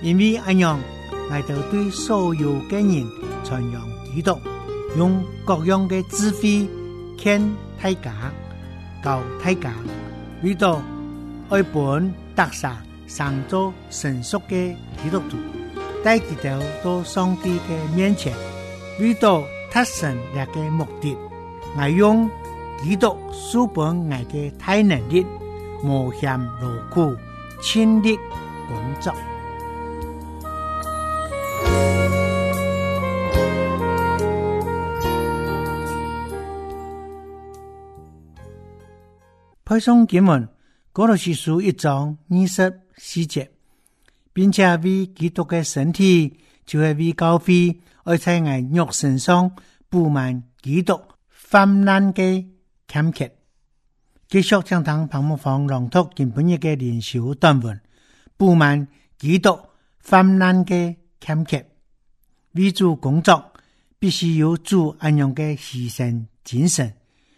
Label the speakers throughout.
Speaker 1: 因為阿娘係度對所有嘅人傳揚基督，用各樣嘅智慧，勸大家、教大家，為到愛本達神，上做成熟嘅基督徒，帶佢到到上帝嘅面前，為到祂神日嘅目的，我用基督書本愛嘅大能力，無限勞苦，親力工作。觀察開送他們，歌羅西書一章二十四節，並且為基督嘅身體，就係為教會，而在俺肉身上補滿基督患難嘅欠缺。繼續將堂泡沫房龍頭，今半夜嘅連續短文補滿基督患難嘅欠缺。為主工作，必須有主安樣嘅犧牲精神。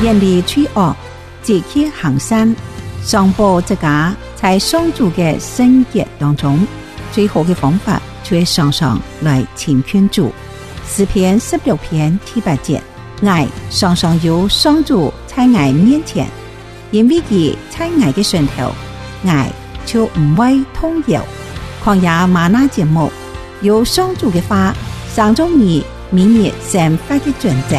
Speaker 1: 遠離罪惡自己行善，上報自家在雙柱的聖潔當中，最好的方法就是常常來前勸主。四篇十六篇第八節，愛常常有雙柱在愛面前，因為佢在愛的身頭，愛就唔會動搖。曠野嗎哪節目，有雙柱的話，上周二明日散發的轉折。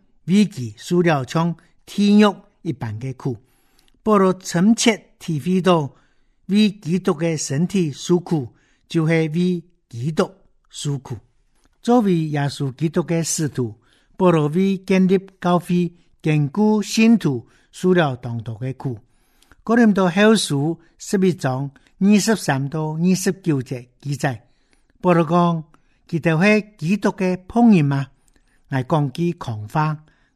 Speaker 1: 為基督受了像天獄一般的苦，保羅深切體會到為基督嘅身體受苦，就是為基督受苦。作為耶穌基督嘅使徒，保羅為建立教會、堅固信徒，受了當頭嘅苦。哥林多後書十一章二十三到二十九節記載，保羅講，佢哋係基督嘅僕人嘛，來講句狂話。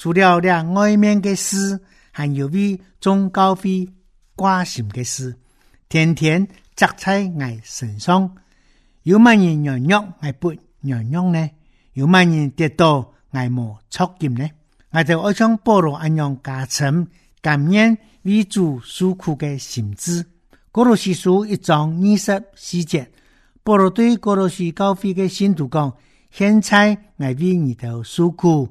Speaker 1: 除了倆外面的事，還有為眾教會掛心的事。天天壓在我身上，有乜人肉肉挨不肉肉呢？有乜人跌倒挨磨戳劍呢？還我就好像保羅一樣夾成，甘願為主受苦嘅性質。歌羅西書一章二十四節，保羅對歌羅西教會嘅信徒講：現在挨為一頭受苦。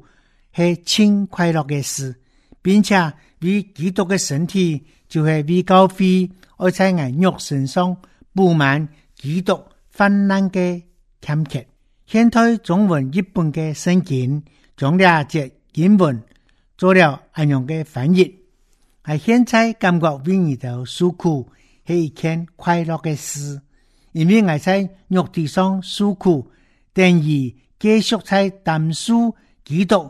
Speaker 1: 係清快樂嘅事，並且基督嘅身體就係為教會，而且我肉身上補滿基督患難嘅欠缺。現代中文譯本嘅聖經，將兩只經文做了阿洋嘅翻譯，係現在感覺為你等受苦係一件快樂嘅事，因為我在肉體上受苦，等於繼續在淡書基督。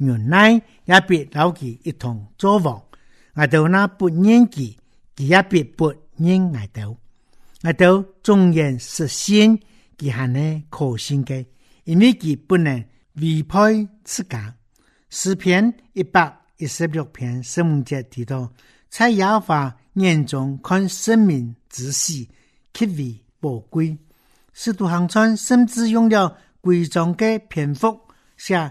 Speaker 1: 原來也別老記一同租房，我到那半年記，佢也別半年挨到，我到中原實現，佢還呢可信嘅，因為佢不能委派自家。詩篇一百一十六篇，十五節提到，在耶和華眼中，看聖民之死，極為寶貴。使徒行傳甚至用了貴重的篇幅寫。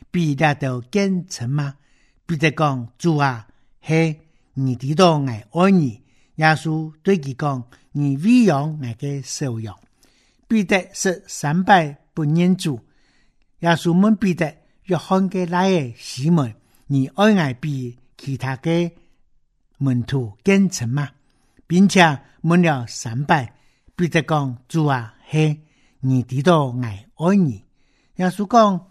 Speaker 1: 彼得都更沉嗎？彼得講主啊，嘿，你知道我愛你。耶穌對其講，你餵養我嘅受養。彼得是三百不認主。耶穌問彼得約翰嘅來嘅西門，你愛愛比其他嘅門徒更沉嗎？並且問了三百。彼得講主啊，嘿，你知道我愛你。耶穌講。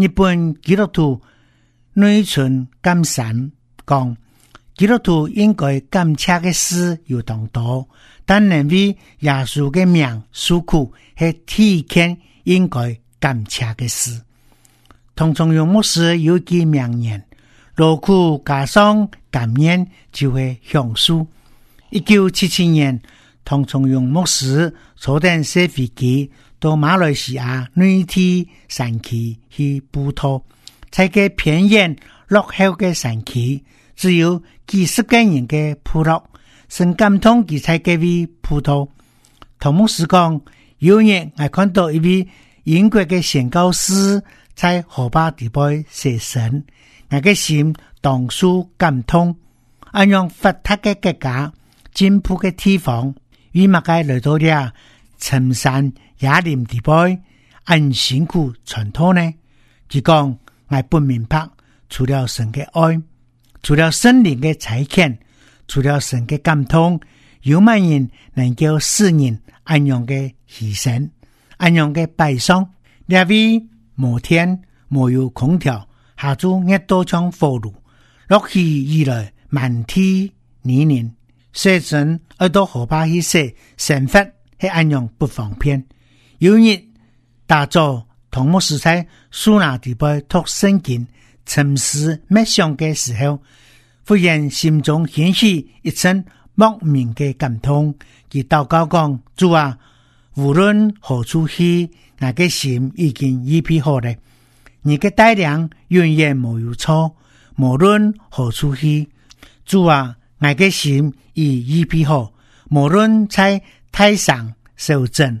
Speaker 1: 日本基督徒內村鑑三講：基督徒應該感謝嘅事有同多，但認為耶穌嘅名受苦係天經應該感謝嘅事。唐崇榮牧師有句名言，若庫加上感恩就會享受。一九七七年，唐崇榮牧師坐定寫飛機。到馬來西亞內地山區去布道，喺個偏遠落後嘅山區，只有幾十間人嘅部落，信金通而喺嗰邊布道。桃木時講，有日我，我看到一位英國嘅宣教師喺荷巴地方寫信，我嘅心同舒金通，按樣發達嘅國家，進步嘅地方，與物界來到啲啊深山。也林地碑，按神古傳統呢？只講，我不明白，除了神的愛，除了神靈的差遣，除了神的感通，有乜人能夠使人安樣的犧牲，安樣嘅悲傷？因為摩天沒有空調，下晝熱到像火爐，落雨一來滿天泥濘，所以成都好多伙伴去說神佛還安樣不方便。有日，大佐同牧師在蘇拿地區托生境沉思冥想嘅時候，忽然心中掀起一陣莫名嘅感動。佢禱告講：主啊，無論何處去，我嘅心已經預備好了。你嘅帶領永遠冇有錯，無論何處去，主啊，我嘅心已預備好，無論在天上、下塵。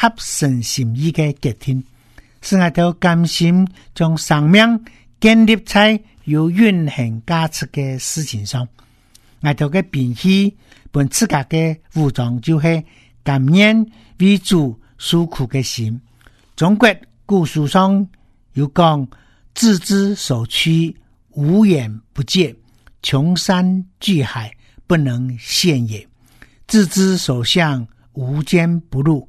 Speaker 1: 合順心意嘅決定，使阿頭甘心將生命建立在有永恆價值嘅事情上。阿頭嘅兵器，本自噶嘅武裝，就是甘願為主受苦嘅心。中國古書上有講：自知所趨，無遠不見；窮山巨海，不能現也。自知所向，無堅不入。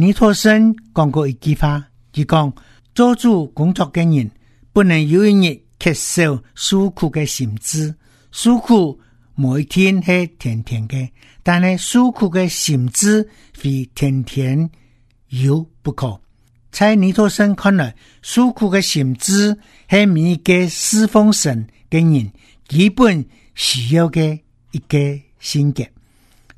Speaker 1: 尼托森講過一句話，就講：做主工作嘅人，不能有一日缺少受苦嘅心志。受苦每一天係天天嘅，但係受苦嘅心志非天天有不可。在尼托森看來，受苦嘅心志係每一個事奉神嘅人基本需要嘅一個心志。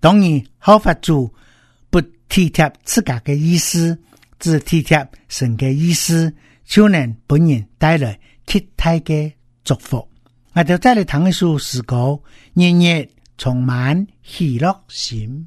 Speaker 1: 當你，合法做不體貼自家嘅意思，只體貼神嘅意思，就能本人帶來徹底嘅祝福。我哋再嚟讀一次詩歌，日日充滿喜樂心。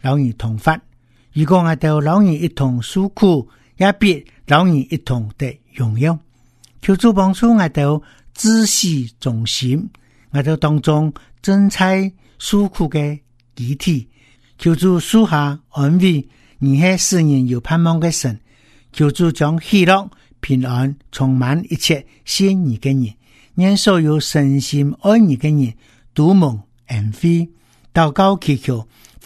Speaker 1: 老人同法，如果 𠊎 兜老人一同受苦，也必老人一同得榮耀。求主幫助 𠊎 兜知悉重視，𠊎 兜當中正在受苦嘅集體，求主屬下安慰，你係使人有盼望嘅神。求主將喜樂平安充滿一切信意嘅人，讓所有信心愛你嘅人獨夢恩惠禱告祈求。